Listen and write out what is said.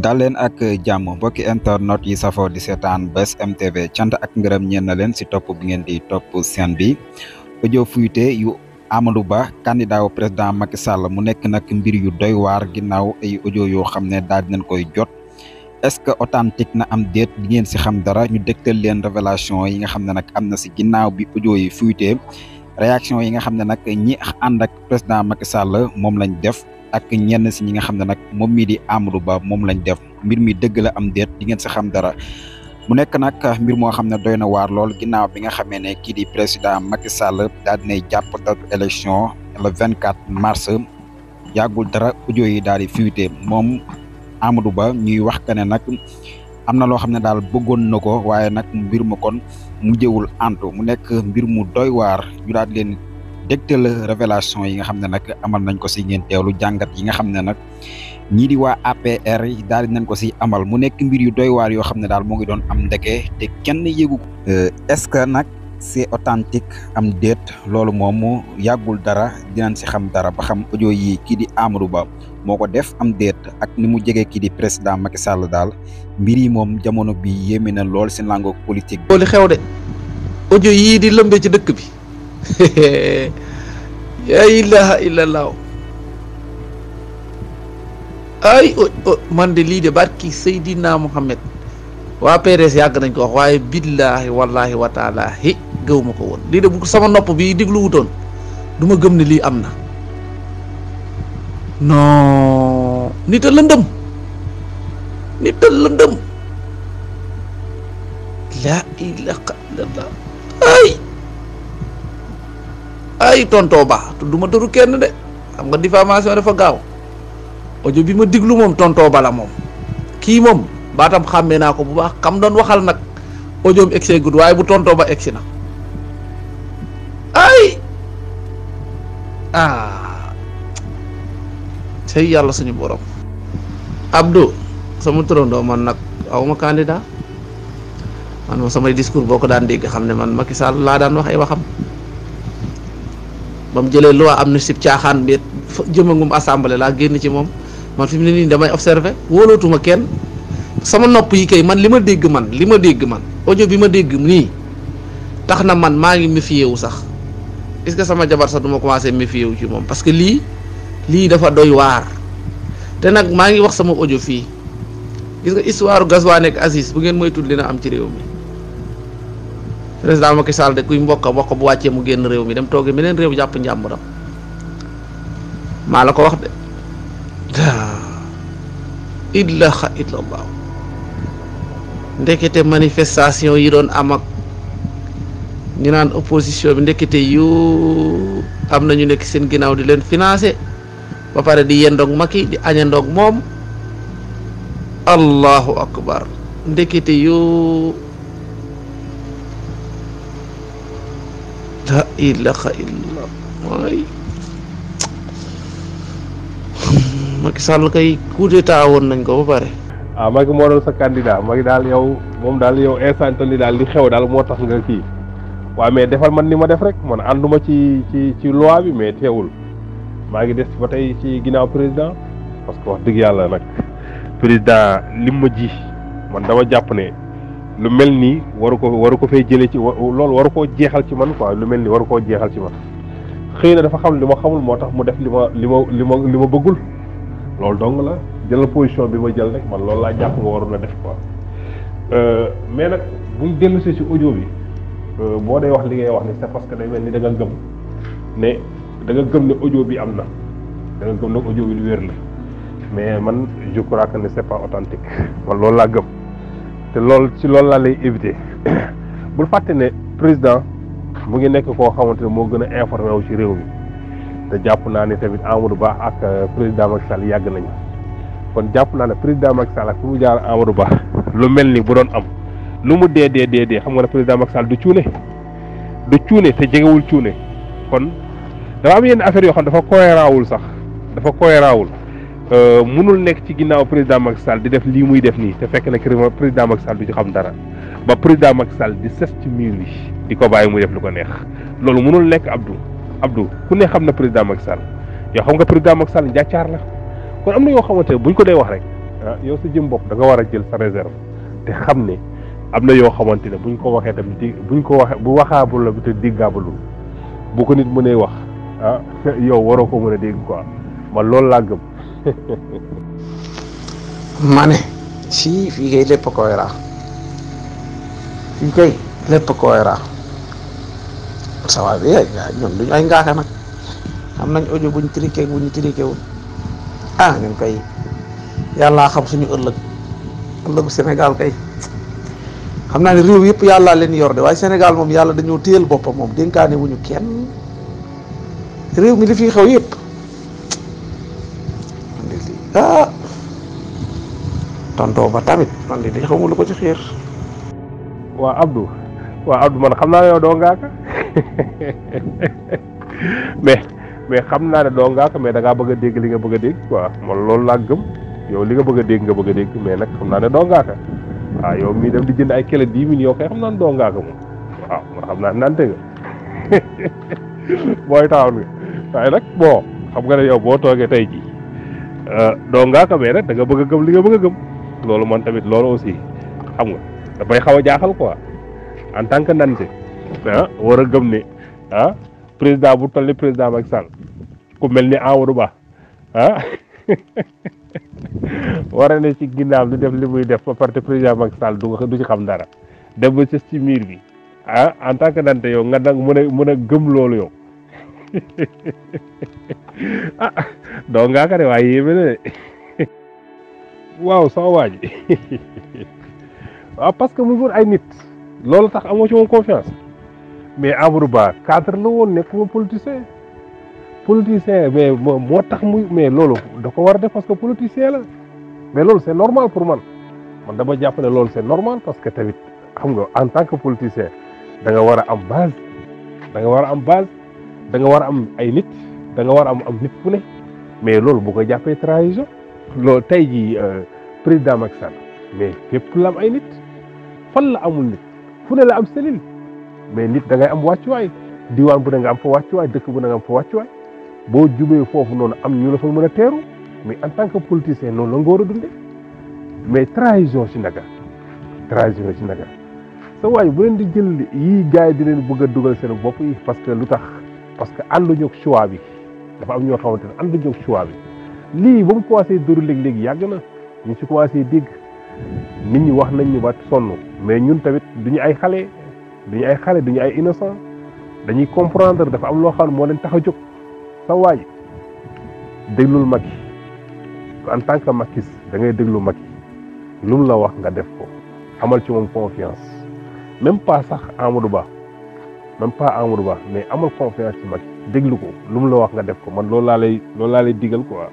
Dalen ak jamm mbokki internet yi safo di setan bes MTV cant ak ngërëm ñen na len si top bi ngeen di top sen bi audio fuité yu Amadou Ba candidat wu président Macky Sall mu nek nak mbir yu doy war ginnaw ay audio yo xamne daal dinañ koy jot est-ce authentique na am deet di ngeen si xam dara ñu dektal len revelation yi nga xamne nak amna ci ginnaw bi audio yi fuité réaction yi nga xamne nak ñi ànd ak président Macky Sall mom lañ def ak ñenn ci ñi nga xamne nak mom mi di amru Ba mom lañ def mbir mi dëgg la am deet di ngeen sa xam dara mu nek nak mbir mo xamne doyna war lol ginaaw bi nga xamé ne ki di président Macky Sall daal dinay japp datu élection le 24 mars yagul dara audio yi daal di fuité moom Ba ñuy wax kané nak amna lo xamne daal bëggoon mbir mu kon jëwul antu mu nek mbir mu doy war ñu daal leen dégtal revelation yi nga xamne nak amal nañ ko ci ngeen tewlu jangat yi nga xamne nak ñi di wa APR daal di nañ ko ci amal mu nekk mbir yu doy war yo xamne dal mo ngi doon am ndeke te kenn yegu ko euh, est-ce nak c'est authentique am det lolu momu yagul dara dinañ ci xam dara ba xam audio yi ki di Amadou Ba moko def am det ak ni mu jégué ki di président Macky Sall dal mbir yi mom jamono bi yémi na lool ci langue politique bo li xew de audio yi di lëmbee ci dëkk bi. yaa ilaha illallah ay man de lii de barki Seydina Muhammad waa PDS yàgg nañ ko wax waaye billaahi wallaahi wa taalaahi gëw ma ko woon lii de bu sama nopp bii diglu wutoon gëm ne lii am na non nit a lëndëm nit a lëndëm laa ilaha illallah ay tontoba, ba tudduma turu kenn de xam nga diffamation dafa gaaw audio bi ma diglu mom. tontoo ba la mom ki mom batam xamé na ko bu baax kam don waxal nak audio am excès gud way bu tontoba ba na ay ah sey yalla suñu borom Abdou sama turandoo man nak awuma candidat man sama discours boko ko daan dégg man Macky Sall la daan wax ay waxam ba mu jëlee loi amnistie caaxaan bi jëmangum assemblée laa génn ci moom man fi mu ne nii damay observé wóolootuma kenn sama nopp yi kay man li ma dégg man li ma dégg man audio bi ma dégg nii tax na man maa ngi méfié wu sax est-ce que sama jabar sax du ma commencé méfié wu ci moom parce que lii lii dafa doy waar te nag maa ngi wax sama ojo fii gis nga gas waa ak Aziz bu ngeen moytul dina am ci réew mi. président Macky Sall de kuy mbokk bokk bu wacce mu genn rew mi dem togi menen rew japp njàmburam maa la ko wax de kha illa allah ndekete manifestation yi don am ak ñu nan opposition bi ndekete yu am nañu nek seen ginaaw di len financer ba pare di yendok Macky di añandoog mom allahu akbar ndekete yu la ilaha illallah waay Macky Sall kay coup d'état woon nañ ko ba pare. ah Macky moo doon sa candidat Macky daal yow moom daal yow instant li daal li xew daal moo tax nga kii waaw mais defal man ni ma def rek man ànduma ci ci ci loi bi mais teewul maa ngi def ba tey ci ginnaaw président parce que wax dëgg yàlla nag président lim ma ji man dama jàpp ne. lu mel nii waru ko waru ko fee jëlee ci loolu waru koo jeexal ci man quoi lu mel nii waru koo jeexal ci man xëy na dafa xam li ma xamul moo tax mu def li ma li ma li ma li ma bëggul loolu dong la jëlal position bi ma jël rek man loolu laa jàpp nga waroon a def quoi euh, mais nag mu dellu si ci audio bi euh, boo dee wax li ngay wax ni c'est parce que day mel ni da nga gëm ne da nga gëm ne audio bi am na da nga gëm ne audio bi lu wér la mais man je crois ne c'est pas authentique man loolu laa gëm. te loolu si loolu laa lay éviter bul fàtte ne président mu ngi nekk koo xamante ne moo gën a informé wu ci réew mi te jàpp naa ne tamit Amadou Ba ak euh, président Macky yàgg nañu kon jàpp naa ne président Macky Sall ak fu mu jaar Amadou baax lu mel ni bu doon am lu mu dee dee dee dee xam nga ne président Macky Sall du cuune du cuune te jegewul cuune kon dafa am yenn affaire yoo xam dafa cohérent sax dafa cohérent Euh, mënul nekk ci ginnaaw président Macky Sall di def lii muy def nii te fekk na président Macky Sall du ci xam dara ba président Macky Sall di ses ci miir bi di ko bàyyi muy def lu ko neex loolu mënul nekk Abdou Abdou ku ne xam na président Macky Sall yow xam nga président Macky Sall njàccaar la kon am na yoo xamante ne buñ ko dee wax rek ah, yow sa jëm bopp da war a jël sa réserve te xam ne am na yoo xamante ne bu buñ ko waxee tamit di buñ ko waxee bu waxaabul la te diggaabalul bu ko nit mënee wax ah yow waroo ko mën a dégg quoi man loolu laa gëm. Mane, sì, figa, le era. Figa, le pocoera. Sawa ah, ya, ñun duñ ay ngaaka nak. Am nañ audio buñ triqué buñ triqué wul. Ah, ñun kay yàlla xam suñu ëllëg Senegal Sénégal kay xam naa ne réew yëpp yàlla ya leen yor de waaye Sénégal moom yàlla ya dañoo téyel boppam moom dénkaane wuñu kenn réew mi li fi kau yëpp lii ah tontoo ba tamit man de xaw ma lu ko ci xiir. waa Abdou waa Abdou man xam naa ne yow doo mais mais xam naa ne doo mais da ngaa bëgg dégg li nga bëgg dégg man loolu laa gëm yow li nga bëgg dégg nga bëgg dégg mais nag xam naa ne doo ngaaka waaw yow mii dem di jënd ay kele dix mille kay xam naa ne doo ngaaka wa waaw man nante nga booy taawul nga waaye xam nga yow Eh, donga ka mais rek da nga bëgg a gëm li nga bëgg a gëm loolu man tamit loolu aussi xam nga da bay xaw a jaaxal quoi en tant que nante ah war a gëm ne ah président bu toll président Macky Sall ku mel ni Amadou Ba ah war a ne ci ginnaaw def li muy def ba parti président Macky Sall du du ci xam dara dem ba ci miir bi ah en tant que nante yow nga nag mën a mën a gëm loolu yow あどんがかでは言えぶね。waaw sama waa ji waaw parce que mu doon ay nit Lolu tax amo ci mon confiance mais Amadou Ba cadre la nek mo politicien politicien mais mo tax mu mais lolu da ko war def parce que politicien la mais lolu c'est normal pour man man dama japp ne lolu c'est normal parce que tamit xam nga en tant que politicien da nga wara am base da nga wara am base danga war a am ay nit danga war a am am nit ku ne mais loolu bu ko jàppee trahison loolu tey jii euh, président Macky Sall mais fépp la am ay nit fan la amul nit fu ne la am cellule mais nit da ngay am wàccuwaay diwaan bu ne nga am fa wàccuwaay dëkk bu ne nga am fa wàccuwaay boo jubee foofu noonu am ñu la fa mën a teeru mais en tant que politicien noonu la nga war a dundee mais trahison si naka trahison si naka sa waay bu leen di jël yii gars di leen bugg dugal seen bopp parce que lu tax. parce que andu ak choix bi dafa am ño xamante ne ànduñu ak choix bi li bu mu commencé duru leg leg yag na ñu ci commencé dig nit ñi wax nañ ñu ba sonu mais ñun tamit duñu ay xalé duñu ay xalé duñu ay innocent dañuy comprendre dafa am lo xam mo leen taxa juk sa waji deglul makki en tant que Macky da ngay deglu makki lum la wax nga def ko amal ci mom confiance même pas sax Amadou Ba même pas Amadou Ba mais amal confiance ci Macky déglu ko lu mu la wax nga def ko man loolu laa lay loolu laa lay digal quoi.